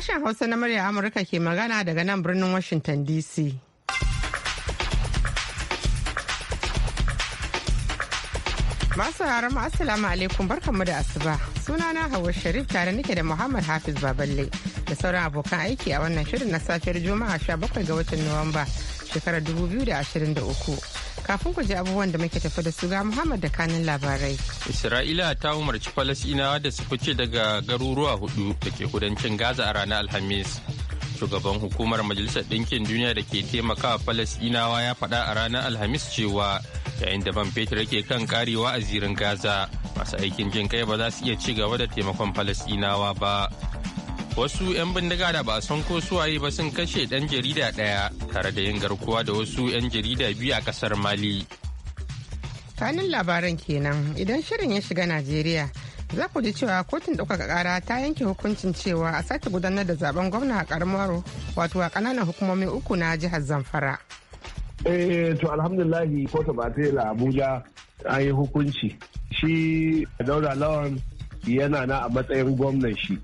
Sashen Hausa na murya Amurka ke magana daga nan birnin Washington DC. Masu haramu Assalamu alaikum barkanmu da asuba. Sunana hawa Sharif tare nake da Muhammad Hafiz Baballe da sauran abokan aiki a wannan shirin na safiyar Juma'a 17 ga watan Nuwamba shekarar 2023. kafin ku ji abubuwan da muke tafi da su ga Muhammad da kanin labarai. Isra'ila ta umarci falasinawa da su fice daga garuruwa hudu da ke kudancin Gaza a ranar Alhamis. Shugaban hukumar Majalisar Ɗinkin Duniya da ke taimakawa falasinawa ya faɗa a ranar Alhamis cewa yayin da ban fetur yake kan karewa a zirin Gaza masu aikin jin kai ba za su iya ci gaba da taimakon Falasɗinawa ba. wasu 'yan bindiga da ba san ko suwaye ba sun kashe ɗan jarida ɗaya tare da yin garkuwa da wasu 'yan jarida biyu a ƙasar mali kanin labaran kenan idan shirin ya shiga najeriya za ku ji cewa kotun ɗaukaka ƙara ta yanke hukuncin cewa a sake gudanar da zaben gwamna a karamaro wato a ƙananan hukumomi uku na jihar zamfara eh to alhamdulahi kotu ta abuja an yi hukunci shi daura lawan yana na a matsayin gwamnan shi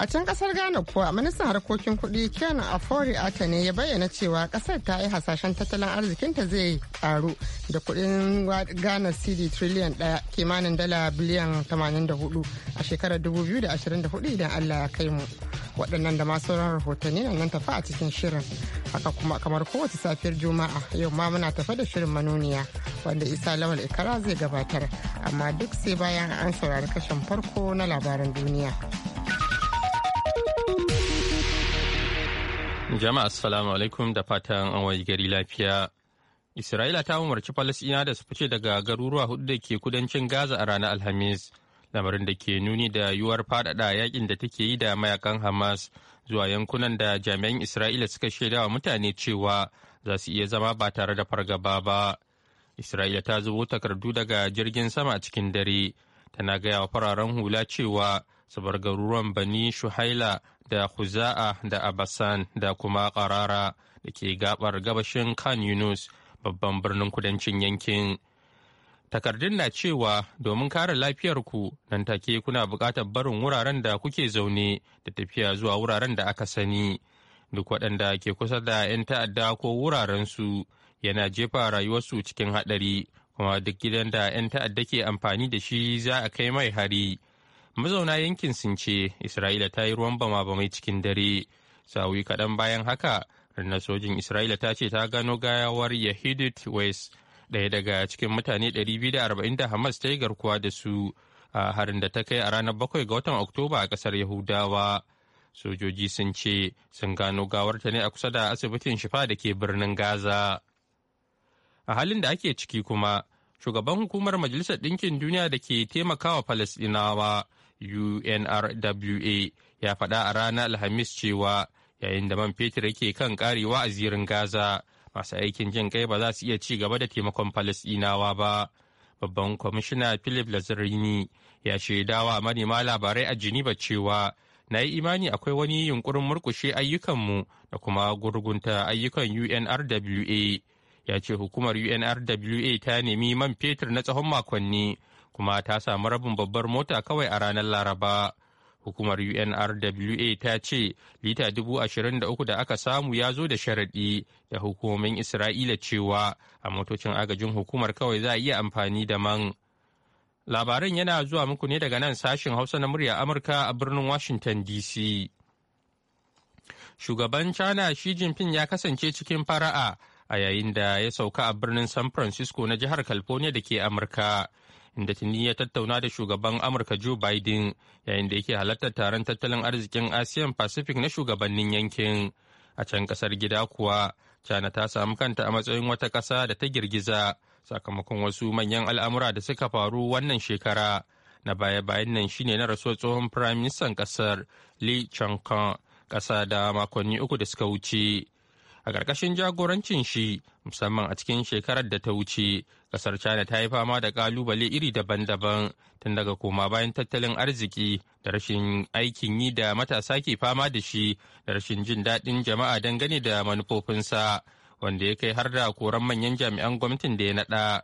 a can kasar ghana kuwa ministan harkokin kuɗi ken afori ata ne ya bayyana cewa kasar ta yi hasashen tattalin arzikinta zai karu da kuɗin ghana cd trillion ɗaya kimanin dala biliyan 84 a shekarar 2024 idan allah ya kai mu waɗannan da masu sauran rahotanni na nan tafa a cikin shirin haka kuma kamar kowace safiyar juma'a yau ma muna tafa da shirin manuniya wanda isa lawal ikara zai gabatar amma duk sai bayan an saurari kashin farko na labaran duniya. Jama'a assalamu alaikum da fatan an wayi gari lafiya. Isra'ila ta umarci Falasina da su fice daga garuruwa hudu da ke kudancin Gaza a ranar Alhamis, lamarin da ke nuni da yuwar faɗaɗa yakin da take yi da mayakan Hamas zuwa yankunan da jami'an Isra'ila suka shaida wa mutane cewa za su iya zama ba tare da fargaba ba. Isra'ila ta zubo takardu daga jirgin sama a cikin dare, tana gaya wa fararen hula cewa su bar garuruwan bani shuhaila da kuza'a da abasan da kuma karara da ke gabar gabashin kan yunus babban birnin kudancin yankin takardun na cewa domin kare lafiyarku nan take kuna buƙatar barin wuraren da kuke zaune da tafiya zuwa wuraren da aka sani duk waɗanda ke kusa da 'yan ta'adda ko wuraren su yana jefa rayuwarsu cikin haɗari kuma duk gidan da 'yan ta'adda ke amfani da shi za a kai mai hari mazauna yankin sun ce isra'ila ta yi ruwan bama ba mai cikin dare sa'o'i kaɗan bayan haka na sojin isra'ila ta ce ta gano gayawar yahidit west ɗaya daga cikin mutane 240 da hamas ta yi garkuwa da su a harin da ta kai a ranar 7 ga watan oktoba a ƙasar yahudawa sojoji sun ce sun gano gawarta ne a kusa da asibitin shifa da ke birnin gaza a halin da ake ciki kuma shugaban hukumar majalisar ɗinkin duniya da ke taimakawa falasɗinawa unrwa ya faɗa a ranar alhamis cewa yayin da man fetur yake kan karewa a zirin gaza masu aikin jin kai ba za su iya ci gaba da taimakon falasɗinawa ba babban kwamishina philip lazarini ya shaidawa manema labarai a geneva cewa na yi imani akwai wani yunkurin murkushe ayyukanmu da kuma gurgunta ayyukan unrwa ya ce hukumar unrwa ta nemi man fetur na tsawon makonni kuma ta samu rabin babbar mota kawai a ranar laraba hukumar unrwa ta ce lita dubu ashirin da uku da aka samu ya zo da sharaɗi da hukumomin isra'ila cewa a motocin agajin hukumar kawai za a iya amfani da man Labarin yana zuwa muku ne daga nan sashen hausa na murya amurka a birnin washington dc shugaban china xi jinping ya kasance cikin fara'a a yayin da ya sauka a birnin san francisco na jihar california da ke amurka inda tuni ya tattauna da shugaban Amurka Joe Biden yayin da yake halartar taron tattalin arzikin ASEAN Pacific na shugabannin yankin. A can kasar gida kuwa, China ta samu kanta a matsayin wata kasa da ta girgiza sakamakon wasu manyan al'amura da suka faru wannan shekara. Na baya-bayan nan shine na rasuwar tsohon Firaministan kasar Li chang kasa ƙasa da makonni uku da suka wuce. a ƙarƙashin jagorancin shi musamman a cikin shekarar da ta wuce ƙasar china ta yi fama da ƙalubale iri daban-daban tun daga koma bayan tattalin arziki da rashin aikin yi da matasa ke fama da shi da rashin jin daɗin jama'a dangane da manufofinsa wanda ya kai har da koran manyan jami'an gwamnatin da ya naɗa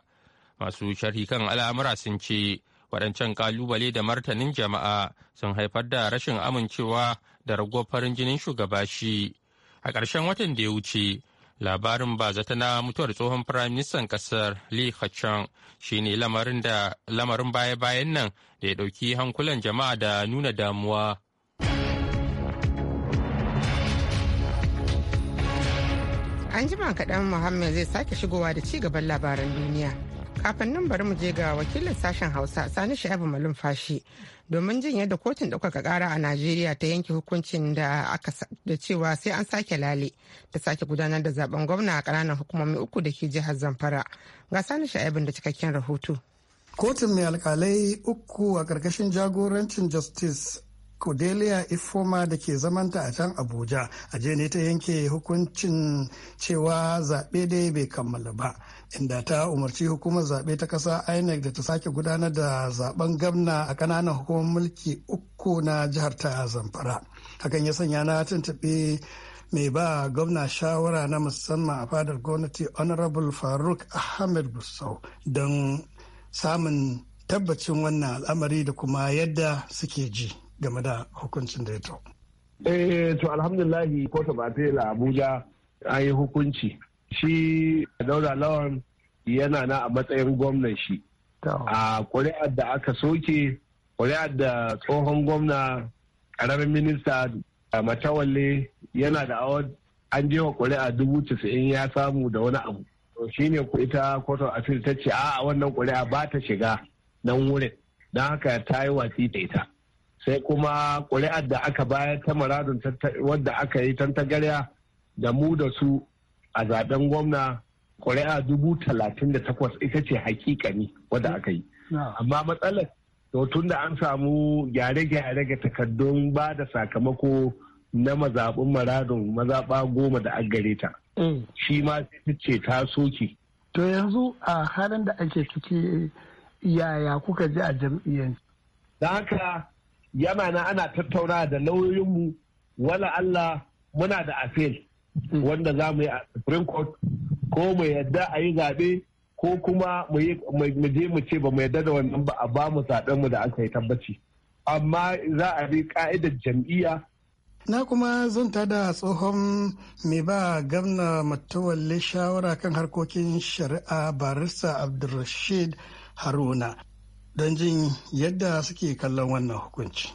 masu sharhi kan al'amura sun ce waɗancan ƙalubale da martanin jama'a sun haifar da rashin amincewa da raguwar farin jinin shugaba shi. a ƙarshen watan da ya wuce labarin ba zata na mutuwar tsohon firaministan ƙasar lee hachang shine lamarin lamarin baya-bayan nan da ya ɗauki hankulan jama'a da nuna damuwa an jima kaɗan muhammad zai sake shigowa da ci gaban labaran duniya kafin nan bari mu je ga wakilin sashen hausa sani sha'abu malum fashi domin jin yadda kotun ɗaukaka ƙara a najeriya ta yanke hukuncin da aka da cewa sai an sake lale ta sake gudanar da zaben gwamna a ƙananan hukumomi uku da ke jihar zamfara ga sani sha'abu da cikakken rahoto kotun mai alkalai uku a ƙarƙashin jagorancin justice kudelia Ifoma da ke zamanta a can Abuja a ne ta yanke hukuncin cewa zaɓe dai bai kammala ba inda ta umarci hukumar zaɓe ta ƙasa inec da ta sake gudanar da zaben gamna a ƙananan hukumar mulki uku na jihar ta zamfara hakan ya sanya na tuntuɓe mai ba gwamna shawara na musamman a fadar gwamnati honorable faruk ahmed gusau don samun tabbacin wannan al'amari da kuma yadda suke ji game da hukuncin da ya eh, to alhamdulahi kotu batela abuja an yi hukunci shi daura lawan yana na a matsayin gwamnan shi a kuri'ar da aka soke kuri'ar da tsohon gwamna ƙaramin minista matawalle yana da awad an jewa kuri'a dubu casa'in ya samu da wani abu shine ita a afil ta ce a wannan kuri'a ba ta shiga nan wurin don haka ta yi watsi da ita sai kuma kuri'ar da aka bayar ta maradun wadda aka yi tantagarya da mu da su a zaben gwamna ƙuri'a dubu talatin da takwas ita ce hakikani wadda aka yi amma matsalar to tun da an samu gyare-gyare ga takardun ba da sakamako na mazaɓin maradun mazaɓa goma da agareta, mm. shi ma sai ce ta soke to yanzu a halin da ake ciki yaya kuka ji a jam'iyyar da haka yana na ana tattauna da lauyoyinmu wala Allah muna da afel Mm. wanda za mu yi a Supreme Court ko mu yadda a yi zaɓe ko kuma mu je mu ce ba mu yadda da wannan ba a ba mu mu da aka yi tabbaci. Amma za a bi ka'idar jam'iyya Na kuma zanta da tsohon mai ba gamna matawalle shawara kan harkokin shari'a barista Abdulrashid Haruna don jin yadda suke kallon wannan hukunci.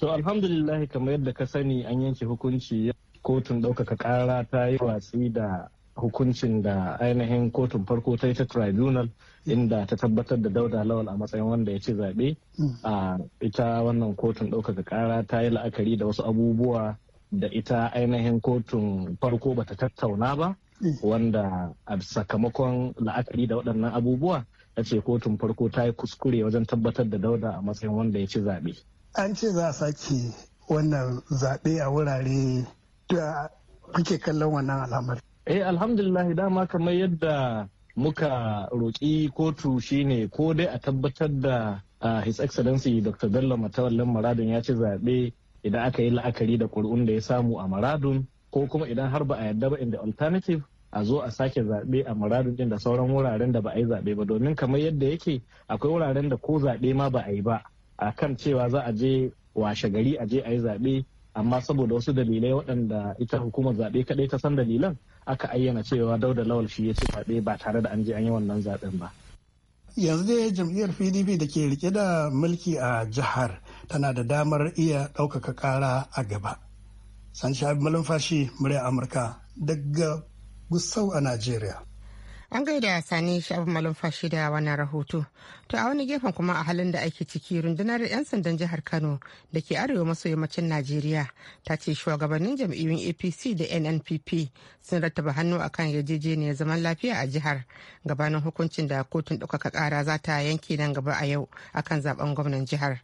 To alhamdulillah kamar yadda ka sani an yanke hukunci kotun ɗaukaka ƙara ta yi watsi da hukuncin da ainihin kotun farko ta yi ta tribunal inda ta tabbatar da dauda lawal a matsayin wanda ya ci zaɓe mm. a ita wannan kotun ɗaukaka ƙara ta yi la'akari da wasu abubuwa da ita ainihin kotun farko bata tattauna ba mm. wanda a sakamakon la'akari da waɗannan abubuwa ta ce kotun farko ta yi kuskure wajen tabbatar da dauda a matsayin wanda ya ci zaɓe. an ce za a sake wannan zaɓe a wurare da kuke kallon wannan al'amari. Eh alhamdulillah dama kamar yadda muka roƙi kotu shine ko dai a tabbatar da His Excellency Dr. Bello Matawallan Maradun ya ci zaɓe idan aka yi la'akari da ƙuri'un da ya samu a Maradun ko kuma idan har ba a yarda ba in the alternative a zo a sake zaɓe a maradun din da sauran wuraren da ba a yi zaɓe ba domin kamar yadda yake akwai wuraren da ko zaɓe ma ba a yi ba a kan cewa za a je washe gari a je a yi zaɓe amma saboda wasu dalilai waɗanda ita hukumar zaɓe kaɗai ta san dalilan aka ayyana cewa dauda lawal shi ya ci zaɓe ba tare da an je an yi wannan zaɓen ba yanzu dai jam'iyyar pdp da ke rike da mulki a jihar tana da damar iya ɗaukaka ƙara a gaba san shabi malumfashi murya amurka daga gusau a najeriya an gaida sani shabi malumfashi da wannan rahoto To a wani gefen kuma a halin da ake ciki rundunar 'yan sandan jihar Kano da ke arewa maso yammacin Najeriya ta ce shugabannin jam'iyyun APC da NNPP sun rattaba hannu akan yarjejeniyar zaman lafiya a jihar gabanin hukuncin da kotun ɗaukaka ƙara za ta yanke nan gaba a yau a kan zaben gwamnan jihar.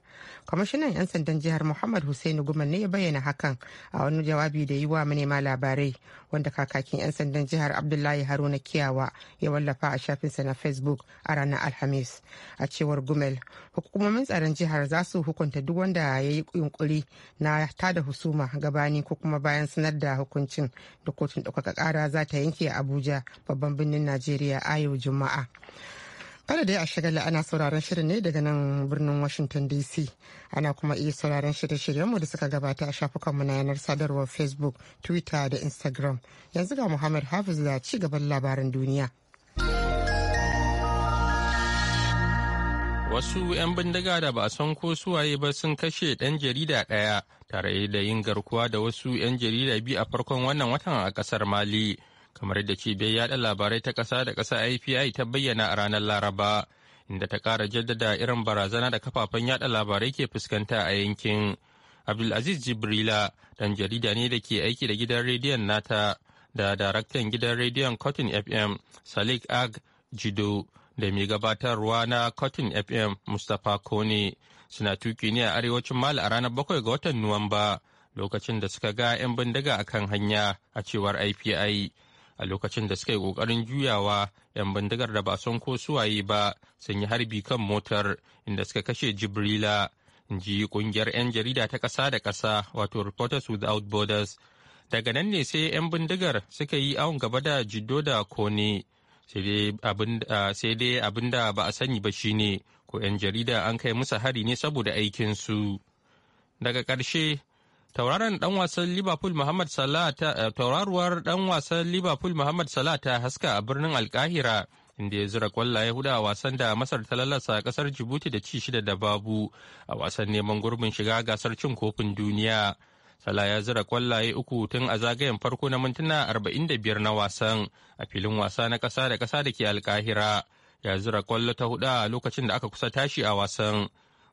Kwamishinan 'yan sandan jihar Muhammad Hussein Guman ne ya bayyana hakan a wani jawabi da yi wa manema labarai wanda kakakin 'yan sandan jihar Abdullahi Haruna Kiyawa ya wallafa a shafinsa na Facebook a ranar Alhamis. a cewar gumel hukumomin tsaron jihar za su hukunta duk wanda ya yi yunkuri na tada husuma gabani ko kuma bayan sanar da hukuncin da kotun ɗaukaka ƙara za ta yanke a abuja babban birnin najeriya a yau juma'a kada dai a shagala ana sauraron shirin ne daga nan birnin washington dc ana kuma iya sauraron shirye-shiryenmu da suka gabata a shafukanmu na yanar sadarwar facebook twitter da instagram yanzu ga muhammad hafiz da ci gaban labaran duniya Wasu 'yan bindiga da ba a san ko suwaye ba sun kashe ɗan jarida ɗaya tare da yin garkuwa da wasu 'yan jarida biyu a farkon wannan watan a ƙasar Mali, kamar da cibiyar yaɗa labarai ta ƙasa da ƙasa IPI ta bayyana a ranar Laraba, inda ta ƙara jaddada irin barazana da kafafen yaɗa labarai ke fuskanta a yankin. Abdulaziz Jibrila, ɗan jarida ne da ke aiki da gidan rediyon nata da daraktan gidan rediyon Cotton FM, Salik Ag Jido da mai gabatarwa na Cotton FM Mustapha Kone suna tuki ne a arewacin Mali a ranar bakwai ga watan Nuwamba lokacin da suka ga 'yan bindiga a kan hanya a cewar IPI. A lokacin da suka yi ƙoƙarin juyawa 'yan bindigar da ba son ko suwaye ba sun yi harbi kan motar inda suka kashe Jibrila. ji kungiyar 'yan jarida ta ƙasa da ƙasa wato Reporters Without Borders. Daga nan ne sai 'yan bindigar suka yi awon gaba da jiddo da kone Ah, sai dai abin da ba a sani ba shine ko 'yan jarida an kai musu hari ne saboda aikinsu daga ƙarshe eh, tauraruwar ɗan wasan liverpool muhammad salah ta haska a birnin alkahira inda ya zira kwallaye huda a wasan da masar ta lalasa kasar jibuti da ci shida da babu a wasan neman gurbin shiga gasar cin kofin duniya Sala ya zira kwallaye uku tun a zagayen farko na mintuna arba'in da biyar na wasan a filin wasa na ƙasa da ƙasa da ke alkahira. Ya zira kwallo ta hudu a lokacin da aka kusa tashi a wasan.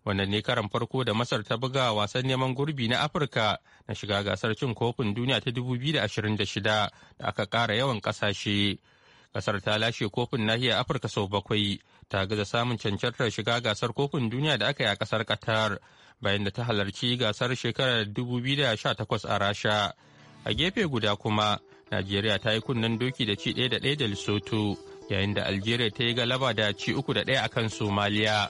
Wannan ne karan farko da Masar ta buga wasan neman gurbi na Afirka na shiga gasar cin kofin duniya ta 2026 da aka ƙara yawan ƙasashe. Kasar ta lashe kofin nahiyar Afirka sau bakwai ta gaza samun cancantar shiga gasar kofin duniya da aka yi a kasar Qatar bayan da ta halarci gasar shekarar 2018 a rasha a gefe guda kuma najeriya ta yi kunnen doki da ci ɗaya da ɗaya da lesotho yayin da algeria ta yi galaba da ci uku da ɗaya akan somaliya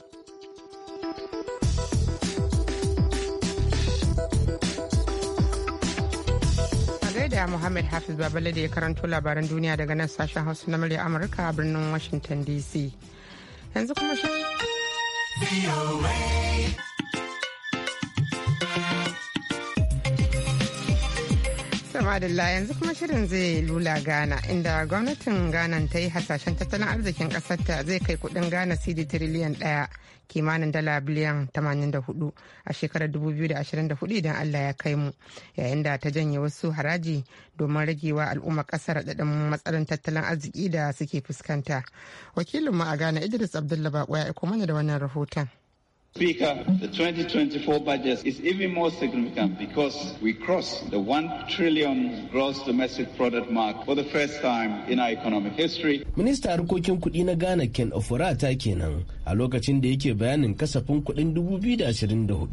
ya Muhammad Hafiz Babale da ya karanto labaran duniya daga nan sashen Hausa na murya Amurka a birnin Washington DC. Yanzu kuma shi. Sama yanzu kuma shirin zai lula Ghana inda gwamnatin Ghana ta yi hasashen tattalin arzikin ƙasarta zai kai kudin Ghana CD triliyan daya kimanin dala biliyan 84 a shekarar 2024 idan Allah ya kai mu yayin da ta janye wasu haraji domin ragewa al'umma kasar daɗin matsalin tattalin arziki da suke fuskanta. Wakilinmu a Ghana Idris Abdullah Bakwai ya iko mana da wannan rahoton. Speaker, the 2024 budget is even more significant because we cross the 1 trillion gross domestic product mark for the first time in our economic history. Minista harkokin kuɗi na Ghana Ken ta kenan a lokacin da yake bayanin kasafin kuɗin 2024.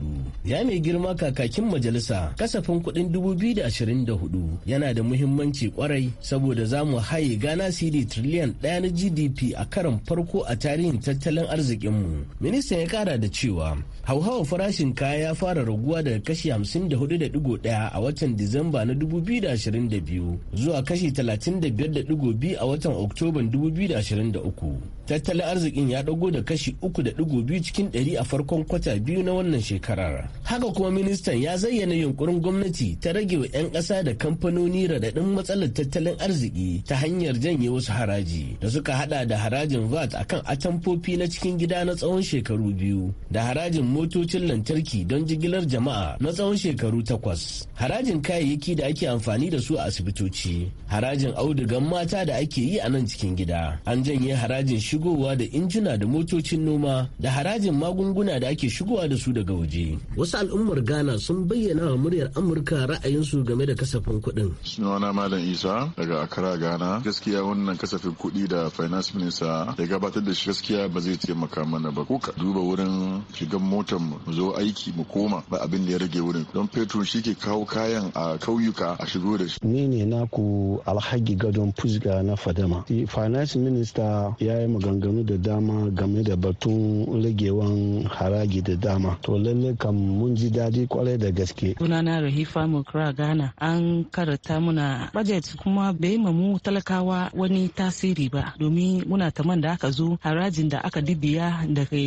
Ya mai girma kakakin majalisa kasafin kuɗin 2024 yana da muhimmanci kwarai saboda za mu haye Ghana CD triliyan ɗaya na GDP a karon farko a tarihin tattalin arzikinmu. Ministan ya kara da cewa cewa hauhawar farashin kaya ya fara raguwa daga kashi 54.1 a watan Disamba na 2022 zuwa kashi 35.2 a watan Oktoban 2023. tattalin arzikin ya dago da kashi uku da digo biyu cikin ɗari a farkon kwata biyu na wannan shekarar haka kuma ministan ya zayyana yunkurin gwamnati ta rage wa 'yan ƙasa da kamfanoni raɗaɗin matsalar tattalin arziki ta hanyar janye wasu haraji da suka hada da harajin vat akan atamfofi na cikin gida na tsawon shekaru biyu da harajin motocin lantarki don jigilar jama'a na tsawon shekaru takwas harajin kayayyaki da ake amfani da su a asibitoci harajin audugan mata da ake yi a nan cikin gida an janye harajin shigo shigowa da injina da motocin noma da harajin magunguna da ake shigowa da su daga waje. Wasu al'ummar Ghana sun bayyana wa muryar Amurka ra'ayinsu game da kasafin kuɗin. Sunana Malam Isa daga Accra Ghana. Gaskiya wannan kasafin kuɗi da Finance Minister ya gabatar da shi gaskiya ba zai taimaka mana ba. Ko ka duba wurin shigan motar mu zo aiki mu koma ba abin da ya rage wurin. Don fetur shi ke kawo kayan a kauyuka a shigo da shi. Ni ne naku Alhaji Gadon Fusga na Fadama. Finance Minister ya yi magana maganganu da dama game da batun ragewan haraji da dama to lalle kam mun ji daɗi kwarai da gaske sunana rahifa mukra gana. an karata muna budget kuma bai ma mu talakawa wani tasiri ba domin muna taman da aka zo harajin da aka dibiya da ke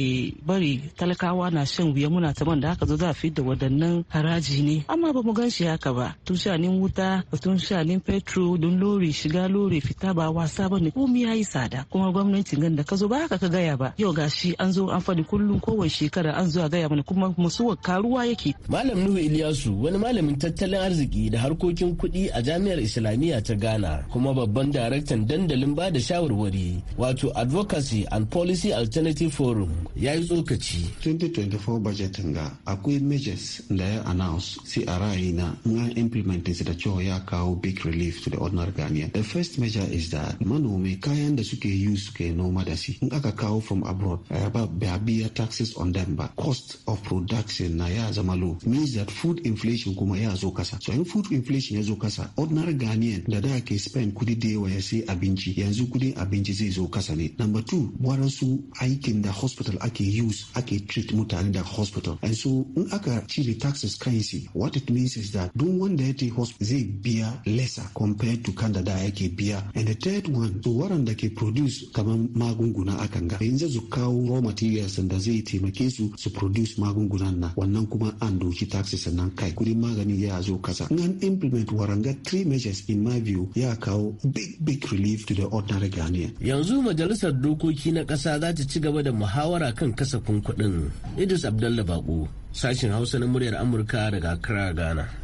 bari talakawa na shan wuya muna taman da aka zo za a fi da wadannan haraji ne amma ba mu gan shi haka ba tun shanin wuta tun shanin petrol don lori shiga lori fita ba wasa ba ne komai ya yi tsada kuma gwamnatin nan da ka zo ba haka ka gaya ba yau ga shi an zo an faɗi kullum kowace shekara an zuwa gaya mana kuma musuwar karuwa yake. Malam Nuhu Iliyasu wani malamin tattalin arziki da harkokin kuɗi a jami'ar Islamiyya ta Ghana kuma babban daraktan dandalin ba da shawarwari wato Advocacy and Policy Alternative Forum ya yi tsokaci. 2024 budget ga akwai measures da ya announce sai a ra'ayi in an implement da cewa ya kawo big relief to the ordinary Ghanaian. The first measure is that manomi kayan da suke yi suke noma noma da shi in aka kawo from abroad eh, ba ba biya taxes on them ba cost of production na ya zama low means that food inflation kuma ya zo kasa so in food inflation ya zo kasa ordinary Ghanaian da da ke spend kudi da yawa ya sai abinci yanzu kudin abinci zai zo kasa ne number two waransu aikin da hospital ake use ake treat mutane da hospital and so in aka cire taxes currency what it means is that duk wanda ya ce hospital zai biya lesser compared to kan da da yake biya and the third one to waran da ke produce kamar magunguna akan ga yanzu su kawo raw materials da zai taimake su su produce magungunan nan wannan kuma an doki taxes nan kai kudin magani ya zo kasa an implement waranga three measures in my view ya kawo big big relief to the ordinary Ghanaian yanzu majalisar dokoki na kasa za ta ci gaba da muhawara kan kasafin kuɗin Idris abdullahi Bako sashin Hausa na muryar Amurka daga Accra Ghana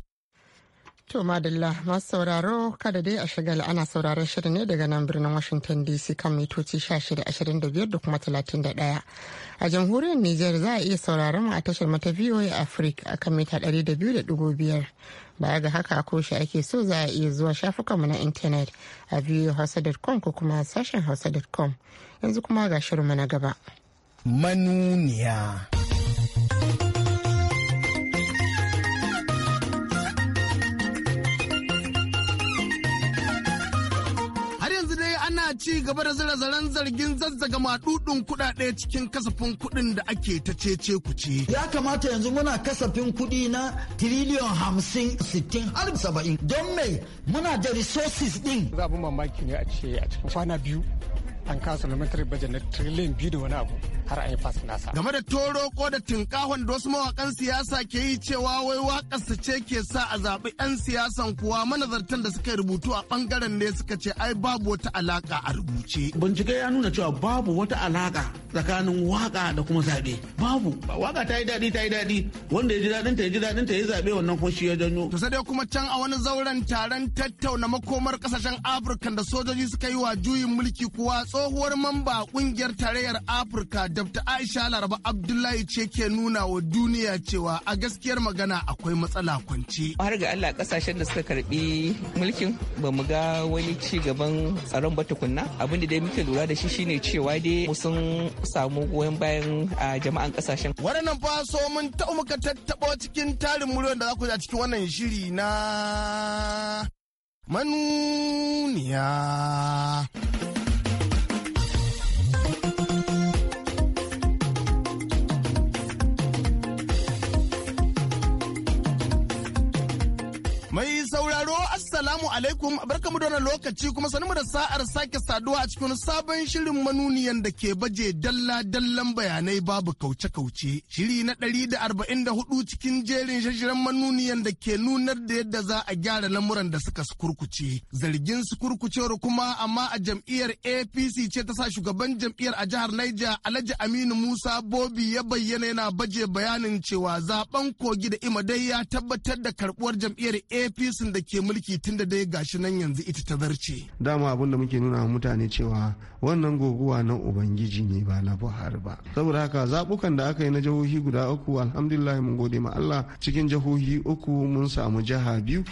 To madalla masu sauraro kada dai a shagala ana sauraron shirin ne daga nan birnin Washington DC kan mitoci 1625 da kuma 31. A jamhuriyar Nijar za a iya sauraron a tashar mata VOA Africa a kan mita 200.5. Baya ga haka ko shi ake so za a iya zuwa shafukanmu na intanet a voahausa.com ko kuma sashen hausa.com. Yanzu kuma ga shirinmu na gaba. Manuniya. ci gaba da zira-zaren zargin zazzaga maɗuɗin kuɗaɗe cikin kasafin kuɗin da ake ta cece kuce. Ya kamata yanzu muna kasafin kuɗi na tiriliyon hamsin sittin har saba'in don mai muna da resources ɗin. Zaɓin mamaki ne a ce a cikin kwana biyu an kasa lamatar budget na trillion biyu da wani abu. har a yi nasa. Game da toro ko da tinkahon da wasu mawakan siyasa ke yi cewa wai wakarsa ce ke sa a zaɓi 'yan siyasan kuwa manazartan da suka rubutu a ɓangaren ne suka ce ai babu wata alaƙa a rubuce. Bincike ya nuna cewa babu wata alaƙa tsakanin waka da kuma zaɓe. Babu. waka ta yi daɗi ta yi daɗi. Wanda ya ji daɗin ta ya ji daɗin ta ya zaɓe wannan kuma shi ya janyo. To sai dai kuma can a wani zauren taron tattauna makomar kasashen Afirka da sojoji suka yi wa juyin mulki kuwa tsohuwar mamba kungiyar tarayyar Afirka Dr. Aisha Laraba Abdullahi ce ke nuna wa duniya cewa a gaskiyar magana akwai matsala kwance. Har ga Allah kasashen da suka karbi mulkin ba mu ga wani ci gaban tsaron ba tukunna. Abin da dai muke lura da shi shine cewa dai sun samu goyon bayan a jama'an kasashen. Waɗannan fa so mun taɓa muka cikin tarin muryar da za ku a cikin wannan shiri na manuniya. Mai sauraro Assalamu alaikum barkamu da wannan lokaci kuma sanin mu da sa'ar sake saduwa a cikin sabon shirin manuniyan da ke baje dalla dallan bayanai babu kauce-kauce. Shiri na ɗari da arba'in da hudu cikin jerin shirin manuniyan da ke nunar da yadda za a gyara lamuran da suka sukurkuce Zargin su kurkucewar kuma amma a jam'iyyar APC ce ta sa shugaban jam'iyyar a jihar Niger Alhaji Aminu Musa Bobi ya bayyana yana baje bayanin cewa zaben kogi da imadai ya tabbatar da karbuwar jam'iyyar APC da ke mulki tunda dai gashi nan yanzu ita ta zarce dama abin da muke nuna wa mutane cewa wannan guguwa na ubangiji ne ba na buhari ba saboda haka zabukan da aka yi na jihohi guda uku alhamdulillah mun gode ma Allah cikin jihohi uku mun samu jiha biyu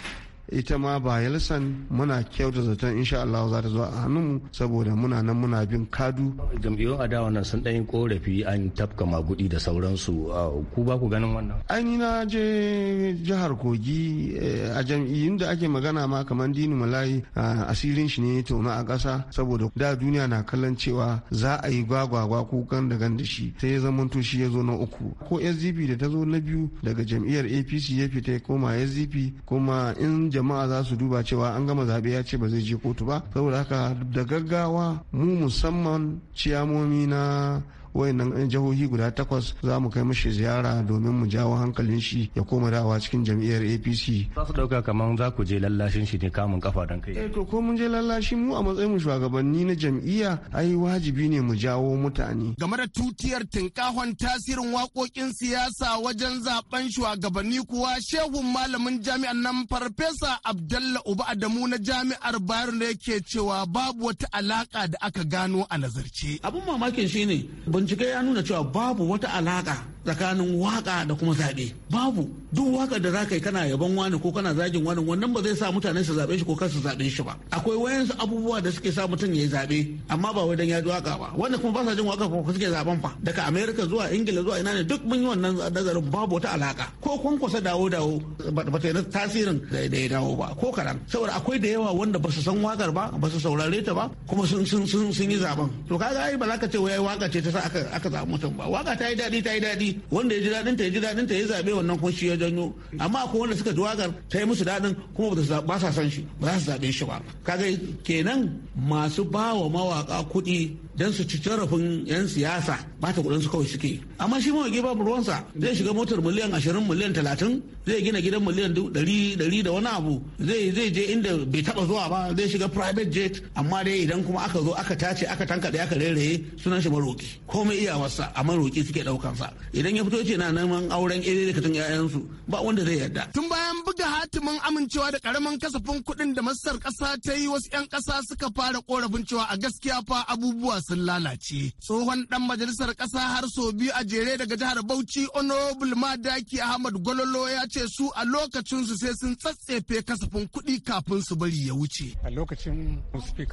ita ma bayelsan muna kyauta zaton insha Allah za ta zo a hannunmu saboda muna nan muna bin kadu jam'iyyun adawa nan sun ɗanyi korafi an tafka magudi da sauransu ku ba ku ganin wannan an yi na je jihar kogi eh, a jam'iyyun da ake magana ma kamar dini malayi asirin shi ne tauna a ƙasa saboda da duniya na kallon cewa za a yi gwagwagwa ko kan da da shi sai ya zamanto shi ya zo na uku ko sdp da ta zo na biyu daga jam'iyyar apc ya fita koma sdp kuma in jama'a za su duba cewa an gama zaɓe ya ce ba zai je kotu ba saboda haka da gaggawa mu musamman ciyamomi na wayannan jihohi guda takwas za mu kai mashi ziyara domin mu jawo hankalin shi ya koma dawa cikin jam'iyyar apc za su dauka kamar za ku je lallashin shi ne kamun kafa don kai eh, ko mun je lallashi mu a matsayin mu shugabanni na jam'iyya ai wajibi ne mu jawo mutane game da tutiyar tinkahon tasirin waƙoƙin siyasa wajen zaben shugabanni kuwa shehun malamin jami'an nan farfesa abdalla uba adamu na jami'ar bayero da yake cewa babu wata alaka da aka gano a nazarce abun mamakin shine ne. bincike ya nuna cewa babu wata alaka tsakanin waka da kuma zaɓe babu duk waka da za ka yi kana yaban wani ko kana zagin wani wannan ba zai sa mutane su zaɓe shi ko kansu su zaɓe shi ba akwai wayansu abubuwa da suke sa mutum ya yi zaɓe amma ba wai dan ya ji waka ba wanda kuma ba sa jin waka ko suke zaben fa daga Amerika zuwa ingila zuwa ina ne duk mun yi wannan nazarin babu wata alaka ko kun kusa dawo dawo ba ta tasirin da ya dawo ba ko karan saboda akwai da yawa wanda ba su san wakar ba ba su saurare ta ba kuma sun sun sun yi zaben to kaga ai ba za ka ce wai waka ce ta sa aka aka zaɓi mutum ba waka ta yi daɗi ta yi daɗi wanda ya ji daɗin ta ya ji daɗin ta ya zaɓe wannan kuma shi ya janyo amma akwai wanda suka ji wakar ta yi musu daɗin kuma ba sa san shi ba za su zaɓe shi ba kaga kenan masu ba wa mawaka kuɗi don su ci tarafin 'yan siyasa ba ta kuɗin su kawai suke amma shi mawaki babu ruwansa zai shiga motar miliyan ashirin miliyan talatin zai gina gidan miliyan ɗari da wani abu zai zai je inda bai taɓa zuwa ba zai shiga private jet amma dai idan kuma aka zo aka tace aka tankaɗe aka rairaye sunan shi maroki ko komai iya wasa a maroki suke daukan sa idan ya fito ce na neman auren ire da katin yayansu ba wanda zai yarda tun bayan buga hatimin amincewa da karamin kasafin kuɗin da masar ƙasa ta yi wasu 'yan ƙasa suka fara korafin cewa a gaskiya fa abubuwa sun lalace tsohon dan majalisar ƙasa har sau biyu a jere daga jihar bauchi honorable madaki ahmad gololo ya ce su a lokacin su sai sun tsatsefe kasafin kuɗi kafin su bari ya wuce a lokacin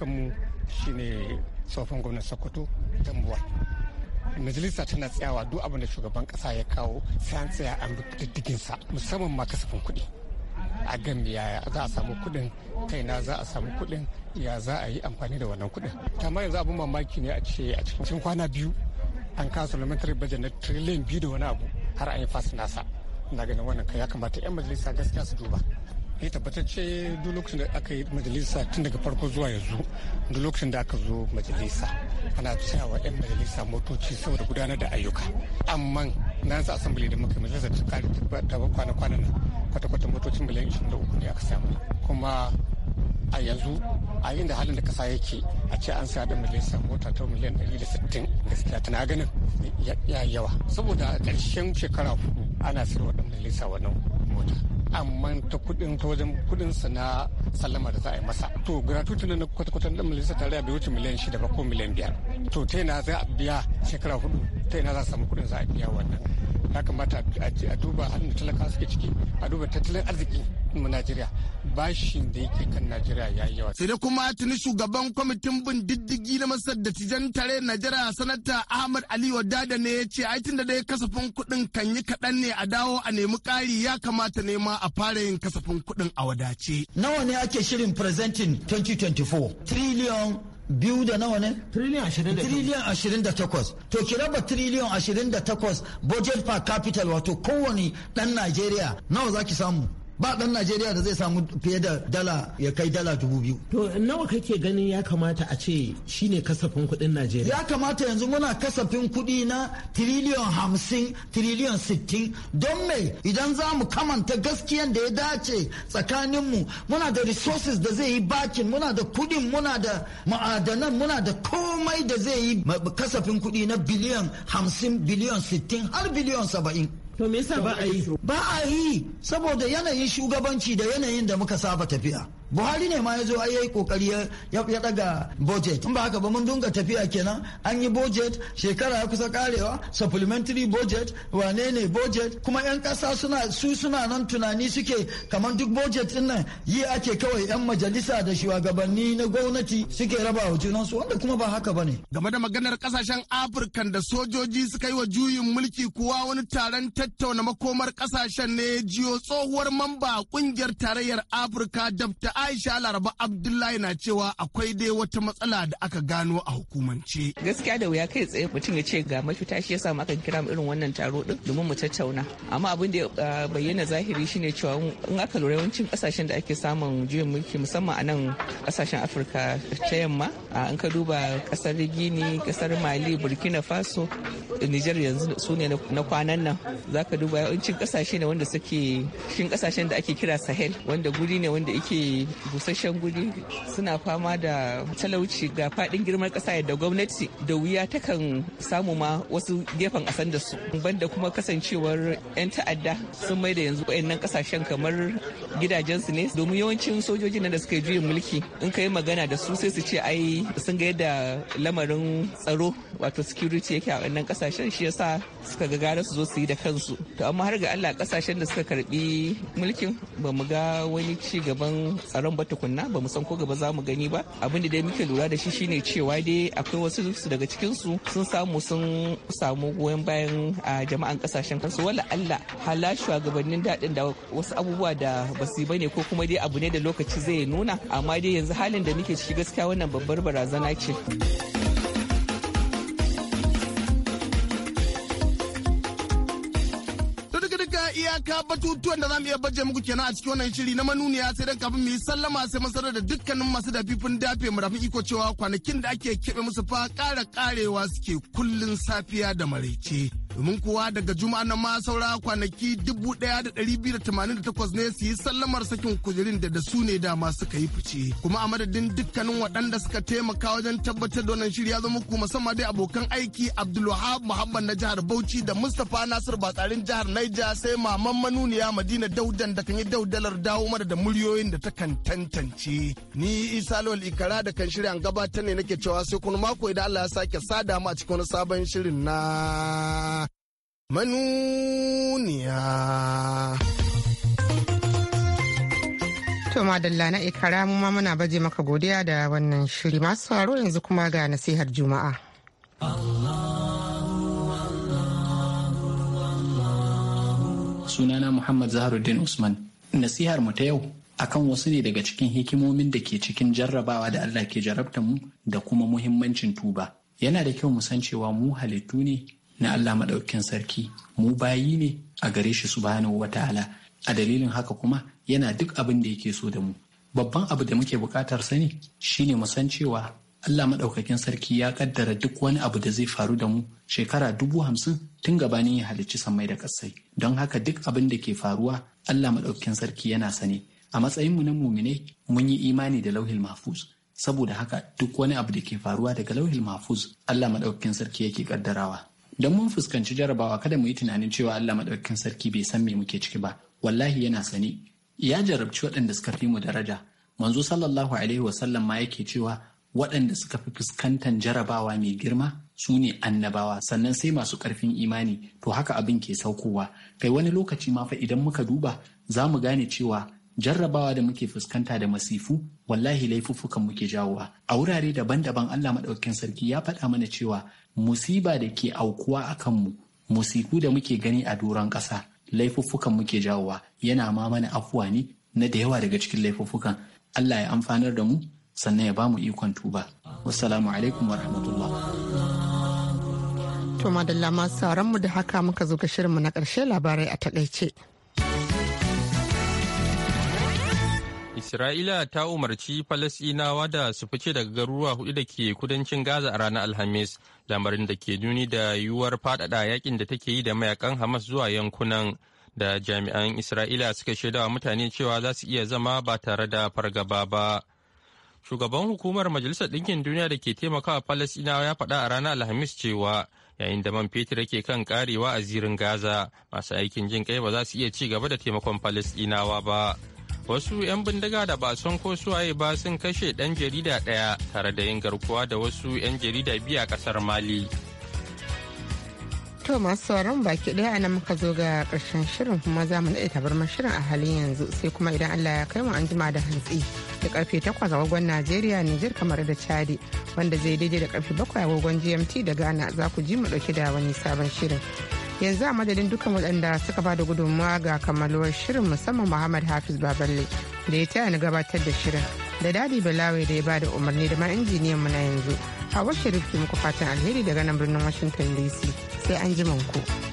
mu shine tsofin gwamnan sokoto tambuwa majalisa tana tsayawa duk abin da shugaban kasa ya kawo sai an tsaya an diddigin sa musamman ma kasafin kuɗi a gan ya za a samu kuɗin kaina za a samu kuɗin ya za a yi amfani da wannan kuɗin tamma yanzu abin mamaki ne a ce a cikin kwana biyu an kawo supplementary budget na trillion biyu da wani abu har an yi fasa nasa na ganin wannan ya kamata 'yan majalisa gaskiya su duba ya eh, tabbatacce duk lokacin da aka yi majalisa tun daga farko zuwa yanzu duk lokacin da aka zo majalisa ana cewa 'yan majalisa motoci saboda gudanar da ayyuka amma na yanzu asambili da muka majalisa ta kare ta kwana kwana na kwata-kwata motocin miliyan 23 ne aka samu kuma a yanzu a inda halin da kasa yake a ce an sayar da majalisa mota ta miliyan 160 gaskiya tana ganin ya yawa saboda ƙarshen shekara hudu ana sayarwa da majalisa wannan mota amma ta kudin ta wajen kudin sa na sallama da za a yi masa to gratuity na kwata-kwata na ta tarayya bai wuce miliyan shida ba ko miliyan biyar to ta yana za a biya shekara hudu ta yana za a samu kudin za a biya wannan ya kamata a duba hannun talakawa suke ciki a duba tattalin arziki mu Najeriya bashin da yake kan Najeriya ya yi yawa. Sai dai kuma tuni shugaban kwamitin bin diddigi na Masar da Tijan Tare Najeriya sanata Ahmad Ali Wadada ne ya ce ai da dai kasafin kuɗin kan yi kaɗan ne a dawo a nemi ƙari ya kamata nema a fara yin kasafin kuɗin a wadace. Nawa ne ake shirin presenting 2024? Trillion biyu da nawa ne? Triliyan ashirin da takwas. To ki raba triliyan ashirin da takwas budget per capital wato kowane ɗan Najeriya nawa za ki samu? ba dan najeriya da zai samu fiye da dala ya kai dala dubu biyu to nawa kake ganin ya kamata a ce shine kasafin kuɗin najeriya ya kamata yanzu muna kasafin kuɗi na triliyon hamsin triliyon sittin don me idan za mu kamanta gaskiyan da ya dace tsakaninmu muna da resources da zai yi bakin muna da kuɗin muna da ma'adanan muna da komai da zai yi kasafin kuɗi na biliyan hamsin biliyan sittin har biliyon saba'in To me yasa ba a yi? Ba a yi saboda yanayin shugabanci da yanayin da muka saba tafiya. buhari ne ma ya zo ya yi kokari ya daga budget in ba haka ba mun dunga tafiya kenan an yi budget shekara ya kusa karewa supplementary budget wane ne budget kuma yan kasa suna su suna nan tunani suke kamar duk budget din nan yi ake kawai yan majalisa da shugabanni na gwamnati suke raba wa junansu wanda kuma ba haka bane game da maganar kasashen afirka da sojoji suka yi wa juyin mulki kuwa wani taron tattauna makomar kasashen ne jiyo tsohuwar mamba kungiyar tarayyar afirka dabta Aisha Laraba Abdullahi na cewa akwai dai wata matsala da aka gano a hukumance. Gaskiya da wuya kai tsaye mutum ya ce ga mafita shi samu aka kira mu irin wannan taro din domin mu tattauna. Amma abin da ya bayyana zahiri shine cewa in aka lura yawancin kasashen da ake samun juyin mulki musamman a nan kasashen Afirka ta yamma in ka duba kasar Gini, kasar Mali, Burkina Faso, Nijar yanzu su ne na kwanan nan. ka duba yawancin kasashe ne wanda suke shin kasashen da ake kira Sahel wanda guri ne wanda yake busasshen guri suna fama da talauci ga faɗin girman kasa yadda gwamnati da wuya takan samu ma wasu gefen asan da su banda kuma kasancewar 'yan ta'adda sun mai da yanzu wayannan kasashen kamar gidajensu ne domin yawancin sojoji na da suka juyin mulki in ka yi magana da su sai su ce ai sun ga yadda lamarin tsaro wato security yake a wannan kasashen shi yasa suka ga gara su zo su yi da kansu to amma har ga Allah kasashen da suka karbi mulkin ba mu ga wani ci gaban tsaron ba tukunna ba mu san ko gaba za mu gani ba abin da dai muke lura da shi shine cewa dai akwai wasu su daga cikin su sun samu sun samu goyon bayan jama'an kasashen kansu wala Allah hala shugabannin dadin da wasu abubuwa da ba su bane ko kuma dai abu ne da lokaci zai nuna amma dai yanzu halin da muke ciki gaskiya wannan babbar barazana ce. ka batutuwan da za mu iya baje muku kenan a cikin wannan shiri na manuniya sai dan kafin mu yi sallama sai masarar sanar da dukkanin masu dafifin dafe mu rafin iko cewa kwanakin da ake keɓe musu fa ƙara ƙarewa suke kullun safiya da maraice. domin kuwa daga juma'a nan ma saura kwanaki 1288 ne su yi sallamar sakin kujerin da da su ne masu masu yi fice kuma a madadin dukkanin waɗanda suka taimaka wajen tabbatar da wannan shirya zama ku musamman dai abokan aiki abdulwahab muhammad na jihar bauchi da mustapha nasir batsarin jihar niger sai maman manuniya madina daudan da kan yi daudalar dawo mada da muryoyin da ta kan tantance ni isa lawal ikara da kan shirya gabatar ne nake cewa sai kuma mako idan allah ya sake sada mu a cikin wani sabon shirin na manuniya. To madalla na ikara mu ma muna baje maka godiya da wannan shiri masu sauraro yanzu kuma ga nasihar juma'a. Sunana Muhammad Zaharuddin Usman. Nasihar mu ta yau akan wasu ne daga cikin hikimomin da ke cikin jarrabawa da Allah ke jarabta mu da kuma muhimmancin tuba. Yana da kyau mu san cewa mu halittu ne na Allah maɗaukin sarki mu bayi ne a gare shi subhanahu wataala a dalilin haka kuma yana duk abin da yake so da mu babban abu da muke buƙatar sani shine mu san cewa Allah maɗaukakin sarki ya kaddara duk wani abu da zai faru da mu shekara dubu hamsin tun gabanin ya halicci sammai da ƙasai don haka duk abin da ke faruwa Allah maɗaukakin sarki yana sani a matsayin mu na mumine mun yi imani da lauhil mahfuz saboda haka duk wani abu da ke faruwa daga lauhil mahfuz Allah maɗaukakin sarki yake kaddarawa don mun fuskanci jarabawa kada mu yi tunanin cewa Allah maɗaukakin sarki bai san me muke ciki ba wallahi yana sani ya jarabci waɗanda suka fi mu daraja manzo sallallahu alaihi wa sallam ma yake cewa waɗanda suka fi fuskantar jarabawa mai girma su ne annabawa sannan sai masu ƙarfin imani to haka abin ke saukowa kai wani lokaci ma fa idan muka duba za mu gane cewa jarrabawa da muke fuskanta da masifu wallahi laifuffukan muke jawowa a wurare daban-daban Allah maɗaukin sarki ya faɗa mana cewa musiba da ke aukuwa a kanmu musifu da muke gani a doron ƙasa laifuffukan muke jawowa yana ma mana afuwa ne na da yawa daga cikin laifuffukan Allah ya amfanar da mu sannan ya ba mu ikon tuba wassalamu alaikum wa To madalla ma sauran mu da haka muka zo ga shirinmu na ƙarshe labarai a takaice. Isra'ila ta umarci Falasɗinawa da su fice daga garuruwa hudu da ke kudancin Gaza a ranar Alhamis, lamarin da ke nuni da yiwuwar faɗaɗa yakin da take yi da mayakan Hamas zuwa yankunan da jami'an Isra'ila suka shaidawa mutane cewa za su iya zama ba tare da fargaba ba. Shugaban hukumar Majalisar Ɗinkin Duniya da ke taimakawa Falasɗinawa ya faɗa a ranar Alhamis cewa yayin da man fetur yake kan karewa a zirin Gaza, masu aikin jin kai ba za su iya ci gaba da taimakon Falasɗinawa ba. wasu 'yan bindiga da ba son ko suwaye ba sun kashe ɗan jarida ɗaya tare da yin garkuwa da wasu 'yan jarida biya kasar mali to masu sauran baki ɗaya ana muka zo ga karshen shirin kuma za mu naɗe tabar shirin a halin yanzu sai kuma idan allah ya kai mu an jima da hantsi da karfe 8 agogon najeriya niger kamar da chadi wanda zai daidai da karfe 7 agogon gmt da ghana za ku ji mu ɗauki da wani sabon shirin yanzu a madadin dukkan waɗanda suka ba da gudunmawa ga kammaluwar shirin musamman muhammad hafiz baballe da ya taya ni gabatar da shirin da dadi balawai da ya ba da umarni da ma injiniyan mu na yanzu a washe ke muku fatan alheri daga nan birnin washington dc sai an ji ku.